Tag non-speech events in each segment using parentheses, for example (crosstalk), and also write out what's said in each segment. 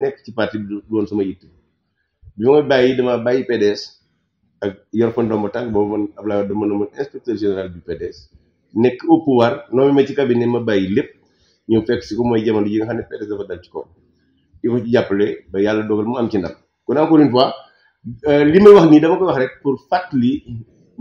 nekk ci parti doon sama yitte bi ma bàyyi dama bàyyi PDS ak yor ko ndomb tànk boobu man Abdoulaye Wade mën a mën inspecteur général du PDS nekk au pouvoir noonu ma ci cabinet ma bàyyi lépp ñëw fekk si ko mooy jamono ji nga xam ne PDS dafa dal ci kaw di ko ci jàppale ba yàlla dogal mu am ci ndam kon encore une fois euh, li may wax nii dama koy wax rek pour fàttali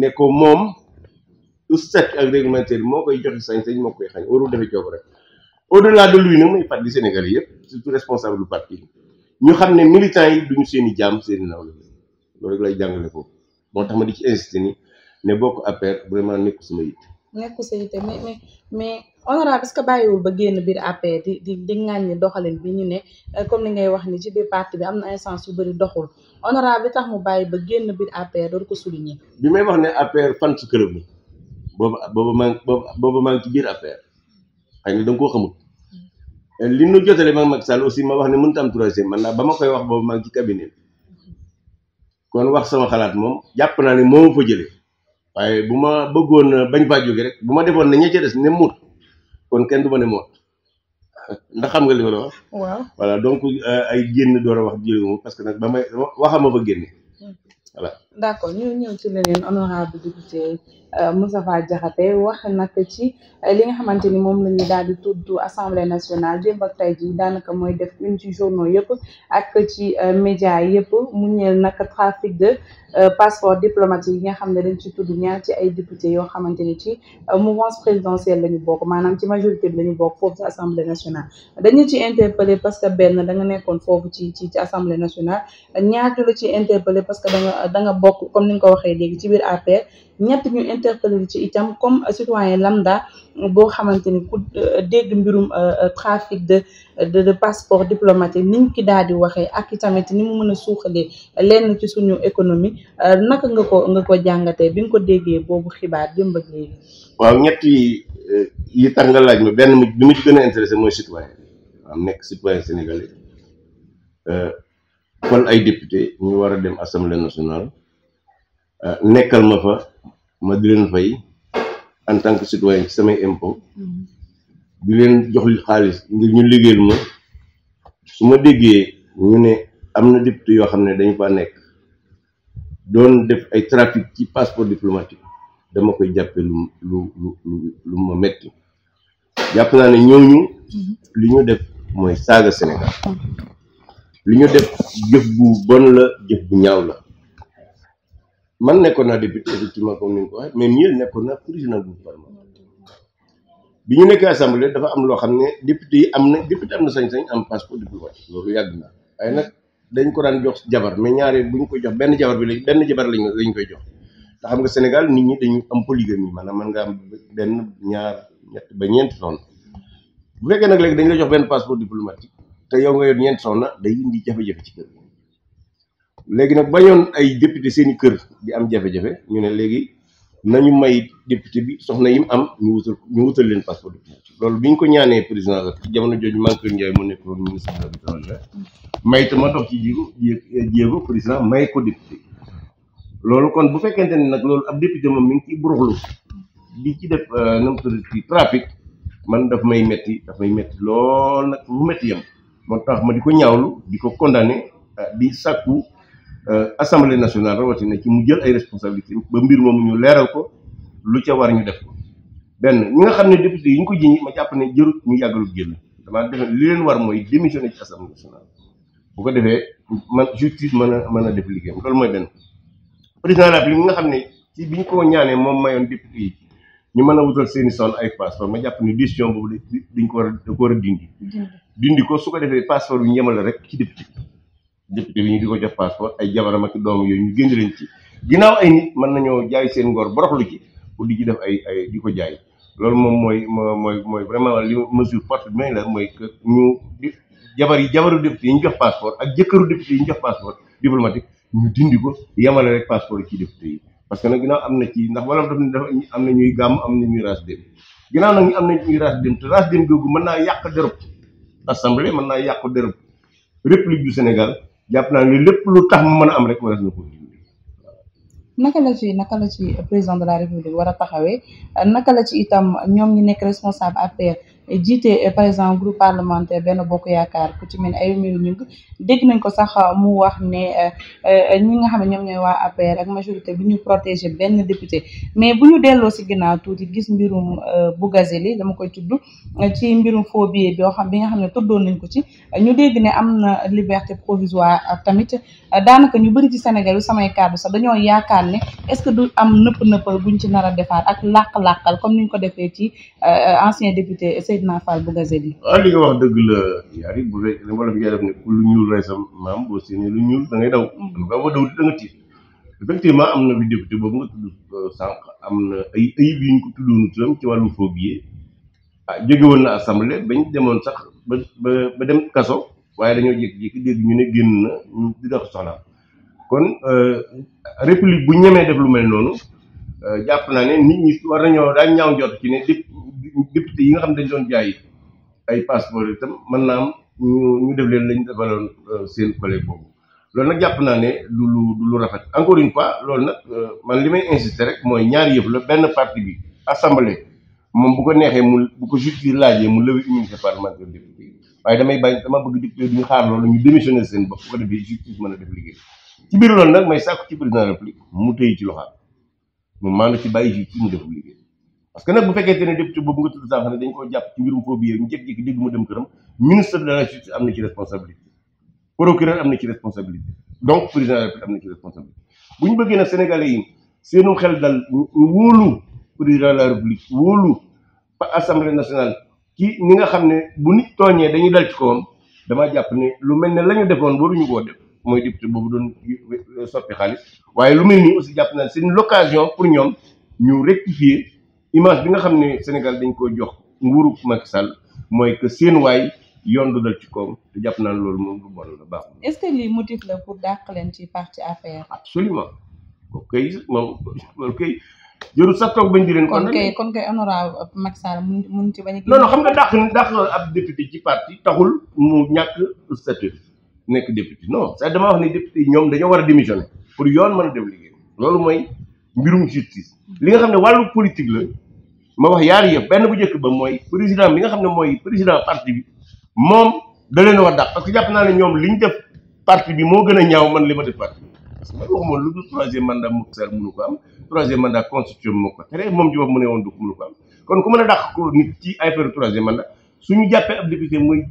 ne ko moom statut ak réglementaire moo koy joxe sañ-sañ moo koy xañ warul defee coob rek au-delà de lui nag may fàttali Sénégal yëpp surtout responsable du parti ñu xam ne militants yi duñu seen i jaam seen i naaw la loolu rek lay jàngale foofu moo tax ma di ci insisté ni ne bokk APR vraiment nekku sama yitte. nekku sa yitte mais mais mais honorable que bàyyiwul ba génn biir APR di di di ŋàññi doxalin bi ñu ne euh, comme ni ngay wax ni ci biir parti bi am na instance yu bëri doxul honorable bi tax mu bàyyi ba génn biir APR doon ko souligner. bi may wax ne APR fan su këram la boobu boobu maa boobu maa ngi ci biir APR xëy na da li nu jotale mag Macky Sall aussi ma wax ne mun am troisième man naa ba ma koy wax boobu maa ngi ci cabinet kon wax sama xalaat moom jàpp naa ne moo ma fa jëlee waaye bu ma bëggoon bañ faa jóge rek bu ma defoon ne ña ca des ne muut kon kenn du ne moot ndax xam nga li ma la wax. waaw voilà donc euh, ay génn door a wax jëlee moom parce nag ba may waxama fa génne hmm. voilà. d' accord ñu ñëw ci leneen honorable député euh, Moustapha Diakhaté wax nag ci euh, li nga xamante ni moom la ñu daal di tudd assemblée nationale démb tey jii daanaka mooy def une ci journaux yëpp ak ci euh, média yëpp mu ñeel nag trafic de passeport diplomatique yi nga xam ne dañ ci tudd ñaar ci ay député yoo xamante ni ci mouvance présidentielle la ñu bokk maanaam ci majorité bi la ñu bokk foofu ci assemblée nationale dañu ci interpellé parce que benn da nekkoon foofu ci ci ci assemblée nationale ñaar la ci interpellé parce que da bokk comme ni nga ko waxee léegi ci biir APR ñett ñu interpellé ci itam comme citoyen lambda boo xamante ni ku euh, dégg mbirum euh, trafic de de de passeport diplomatique niñ ki daal waxee ak itamit ni mu mën a suuxalee lenn ci suñu économie euh, naka nga ko nga ko jàngatee bi nga ko déggee boobu xibaar démb ak léegi. waaw ñetti yi yi tax nga laaj ma benn bi mu ci gën a intéressé mooy citoyen am nekk citoyen sénégalais kon ay député ñu war a dem assemblée nationale. Euh, nekkal ma fa ma di leen fay en tant que citoyen ci samay impôt mm-hmm. di jox xaalis ngir ñu liggéeyal ma su ma déggee ñu ne am na député yoo xam ne dañu fa nekk doon def ay trafic ci passeport diplomatique dama koy jàppe lu lu lu lu ma metti jàpp naa ne ñooñu mm-hmm. li ñu def mooy saaga Sénégal mm-hmm. li ñu def jëf bu bon la jëf bu ñaaw la man nekkoon naa député effectivement comme ni ko waxee mais nekkoon naa président du gouvernement bi ñu nekkee assemblée dafa am loo xam ne député yi am na député na sañ-sañ am passeport diplomatique loolu yàgg na waaye nag dañ ko daan jox jabar mais ñaareel bu ñu koy jox benn jabar bi benn jabar lañ lañ koy jox te xam nga Sénégal nit ñi dañu am polygamie maanaam mën nga am benn ñaar ba ñeenti soxna bu fekkee nag léegi dañ la jox benn passeport diplomatique te yow nga yor ñeenti soxna day indi jafe-jafe ci kër gi léegi nag bañoon ay député seeni kër di am jafe-jafe ñu ne léegi nañu may député bi soxna yi mu am ñu wutal ñu wutal leen passeport diplomatique loolu bi ñu ko ñaanee président jamono jooju Mankeur Ndiaye mu nekkoon ministre de l'étranger may te ma dox ci jéego jéego président may ko loolu kon bu fekkente ne nag loolu ab député moom mi ngi ciy buruxlu di ci def euh, nu mu tudd man daf may metti daf may metti lool nag lu metti yam moo tax ma di ko ñaawlu di ko condamné euh, di sàkku Euh, assemblée nationale rawatina ci mu jël ay responsabilités ba mbir moomu ñu leeral ko lu ca war ñu def ko benn ñi nga xam ne député yi ñu ko jiñ ma jàpp ne jërut ñu yàggalu génn damaa defe li leen mooy démissionné ci assemblée nationale bu ko defee man justice mën a mën a def liggéeyam loolu mooy benn président de la République nga xam ne ci bi ñu ko ñaanee moom mayoon député yi ñu mën a wutal seen i sol ay passeport ma jàpp ne décision boobu dañ ko war a da ko war a dindi dindi ko su ko defee passeport bi ñu yemal rek ci député député bi ñu di ko jox passeport ay jabaram ak doom yooyu ñu génn leen ci ginnaaw ay nit mën nañoo jaay seen ngor boroxlu ci pour di ci def ay ay di ko jaay loolu moom mooy mooy mooy vraiment li mesure forte bi may la mooy que ñu di jabar yi jabaru député yi ñu jox passeport ak jëkkëru député yi ñu jox passeport diplomatique ñu dindi ko yemale rek passeport yi ci député yi parce que nag ginnaaw am na ci ndax wala daf dafa am na ñuy gàmm am na ñuy raas dem ginnaaw nag ñu am na ñuy raas dem te raas dem googu mën naa yàq derub assemblée mën naa yàq derub république du Sénégal jàpp naa ne lépp lu tax mu mën a am rek war na ko dindi. naka la ci naka la président de la république war a taxawee naka la ci itam ñoom ñi nekk responsable APR. Eh, jiite eh, par exemple groupe parlementaire benn bokk yaakaar ku ci mel ay miru ñu dégg nañ ko sax ah, mu wax ne eh, ñi nga xam ne ñoom ñooy waa APR rek majorité bi ñu protéger benn député mais bu ñu delloo si ginnaaw tuuti gis mbirum Bougazelli dama koy tudd ci mbirum faux billet bi yoo xam bi nga xam ne tuddoon nañ ko ci ñu dégg ne am na liberté provisoire ah, tamit daanaka ñu bëri ci Sénégal yu samay kàddu sax dañoo yaakaar ne est-ce que du am nëpp nëppal buñ ci nar a defaar ak làq-làqal comme ni ñu ko defee ci euh, ancien député Seydina Fall Bougazelli. waaw li nga wax dëgg la yaari bu fekkee ne lu ñuul rey sa maam boo séenee lu ñuul da ngay daw. da mm. nga daw da nga tiit am na bi député boobu nga tudd euh, sànq am na ay ayib yu ñu ko tuddoonu ci wàllum phobie ah na woon na assemblée bañ demoon sax ba ba dem kaso. waaye dañoo jékki-jékki dégg ñu ne génn na ñu di dox soxlaam kon euh, république bu ñemee def lu ma mel noonu euh, jàpp naa ne nit ñi war nañoo daañ ñaaw jot ci ne député yi nga xam dañ doon jaay ay passeport itam man naa am ñu ñu def leen lañu defaloon euh, seen collègue boobu loolu nag jàpp naa ne du lu du lu rafet encore une fois loolu nag man li may insisté rek mooy ñaari yëf la benn parti bi assemblée moom bu ko neexee mu bu ko justice laajee mu lever immunité parlementaire député waaye damay bañ dama bëgg député duñu a def liggéey ci biir loolu nag may sàkku ci président de la république mu parce que nag bu fekkee ne député boobu nga tudd sànq ne dañ koo jàpp ci mbirum phobie ñu jékki-jékki dégg mu dem këram ministre de la justice am na ci responsabilité am na ci responsabilité donc président de am na bu ñu bëggee nag sénégalais yi seenum xel dal wóolu président de la république wóolu assemblée nationale ci ni nga xam ne bu nit tooñee dañuy dal ci kawam dama jàpp ne lu mel ne la ñu defoon waruñu koo def mooy député boobu doon soppi xaalis waaye lu mel nii aussi jàpp naa c'est une occasion pour ñoom ñu rectifier image bi nga xam ne Sénégal dañ ko jox nguuru Macky Sall mooy que seen waay yoon du dal ci kawam te jàpp naa loolu moom lu bon la baax. est-ce que lii motif la pour dàq leen ci parti APR. absolument kooku kay moom kooku jëru sa toog ba di leen. kon kay kon kay honorable Macky Sall mun ci bañ xam nga dàq dàq ab député ci parti taxul mu ñàkk statut nekk député non c'est dama wax ne député ñoom dañoo war a démissionner pour yoon man a dem liggéey loolu mooy mbirum justice. li nga xam ne wàllu politique la ma wax yaar yëpp benn bu njëkk ba mooy président bi nga xam ne mooy président parti bi moom da leen a war dàq parce que jàpp naa la ñoom li ñu def parti bi moo gën a ñaaw man li ma def parce que man waxuma lu dul troisième mandat Macky Sall mënu ko am troisième mandat constitution moo ko tere moom ji wax mu ne woon du ko am kon ku mën a dàq ko nit ci affaire troisième mandat ñu jàppee ab député muy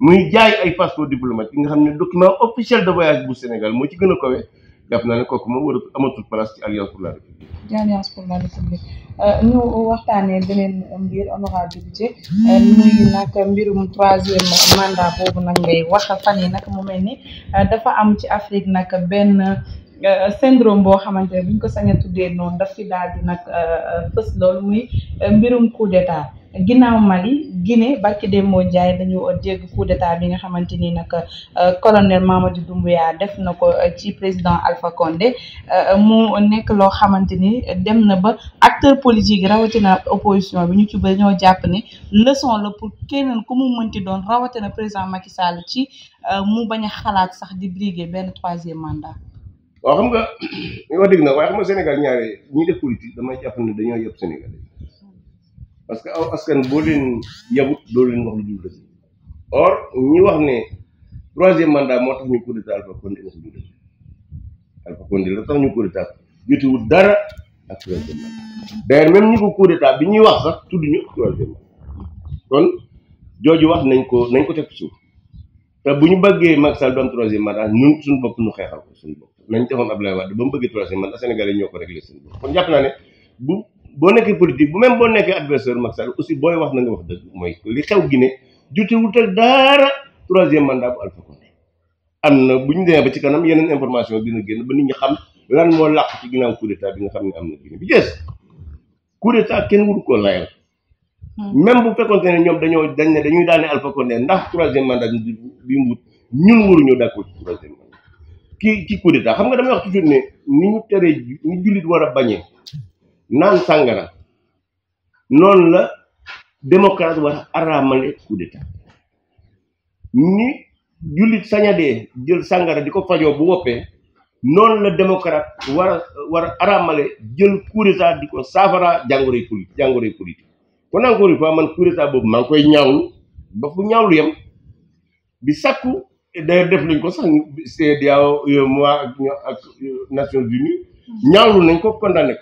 muy jaay ay passeport diplomatique nga xam ne document officiel de voyage bu Sénégal moo ci gën a kawee jàpp naa ne kooku moom war a amatul place ci alliance pour la république. ci euh, waxtaanee beneen mbir honorable député euh, mm. muy nag mbirum troisième mandat boobu nag ngay wax fan yi nag mu mel ni euh, dafa am ci Afrique nag benn. syndrome boo xamante ne bu ñu ko sañ tuddee noon daf fi daal di nag fës loolu muy mbirum coup d'état ginnaaw Mali Guinée barki Demba Ndiaye dañu dégg coup d'état bi nga xamante ni nag euh, colonel Mamadou Doumbouya def na ko euh, ci président Alpha Condé euh, mu nekk loo xamante ni dem na ba acteur politique rawatina opposition bi ñu ci ba ñoo jàpp ne leçon la pour keneen ku mu mënti doon rawatina président Macky Sall ci mu bañ a xalaat sax di briguer benn troisième mandat. waaw xam nga (clears throat) li wax dëgg nag waaye xam nga Sénégal ñaare ñi def politique damay jàpp ne dañoo yëpp Sénégal. parce que aw askan boo leen yabut doo leen wax lu jub dëgg or ñi wax ne troisième mandat moo tax ñu coup d'état Alpha Condé wax lu dëgg Alpha ñu coup d'état jotuwul ak troisième mandat d'ailleurs même ñi bi ñuy wax sax tudd ñu troisième mandat kon jooju wax nañ ko nañ ko teg suuf te bu ñu bëggee Macky Sall du am troisième mandat ñun suñu bopp ñu xeexal ko suñu bopp nañ defoon Abdoulaye Wade ba mu bëggee troisième mandat Sénégalais yi ñoo ko réglé seen bopp kon jàpp naa ne bu. boo nekkee politique bu même boo nekkee adversaire Macky Sall aussi booy wax na nga wax dëgg mooy li xew Guinée jotewut ak daara troisième mandat bu Alpha Condé am na bu ñu demee ba ci kanam yeneen information dina génn ba nit ñi xam lan moo làq ci ginnaaw bi nga xam ne am na Guinée bi kenn wuru koo layal hmm. même bu fekkonte ne ñoom dañoo dañ ne dañuy daane Alpha Condé ndax troisième mandat bi mu wut ñun waruñoo d'accord ci troisième mandat kii ci coup d'état xam nga damay wax toujours ne ni ñu teree ni jullit war a bañee naan sàngara noon la démocrate war a araamale coup d'état ni jullit sañadee jël sàngara di ko fajoo bu woppee noonu la démocrate war a war a araamale jël coup d'état di ko saafara jàngoroy politique jàngoroy politique kon encore une fois man coup d'état boobu maa koy ñaawlu ba fu ñaawlu yem di sàkku d'ailleurs def nañ ko sax CEDEAO euh, moi ak euh, Nations Unies ñaawlu nañ ko condamné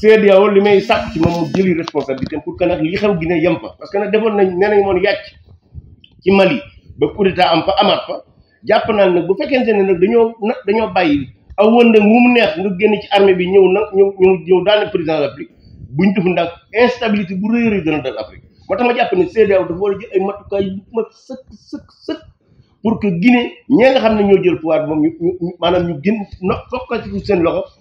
CEDEAO euh, li may sàkk ci moom mu jëli responsabilité pour que nag li xew Guinée yem fa parce que nag defoon nañ nee nañ moon yàcc ci Mali ba coup d'état am fa amaat fa jàpp naa nag bu fekkente ne nag dañoo na dañoo bàyyi aw wënde mu mu neex nga génn ci armée bi ñëw na ñëw ñëw ñëw daane président de l'Afrique buñ def ndax instabilité bu rëy rëy dana moo tax ma jàpp ne CEDEAO dafa war a jël ay matukaay yu mat sëkk sëkk sëkk pour que Guinée ñee xam ne ñoo jël pouvoir moom ñu maanaam ñu gën no fokk ci seen loxo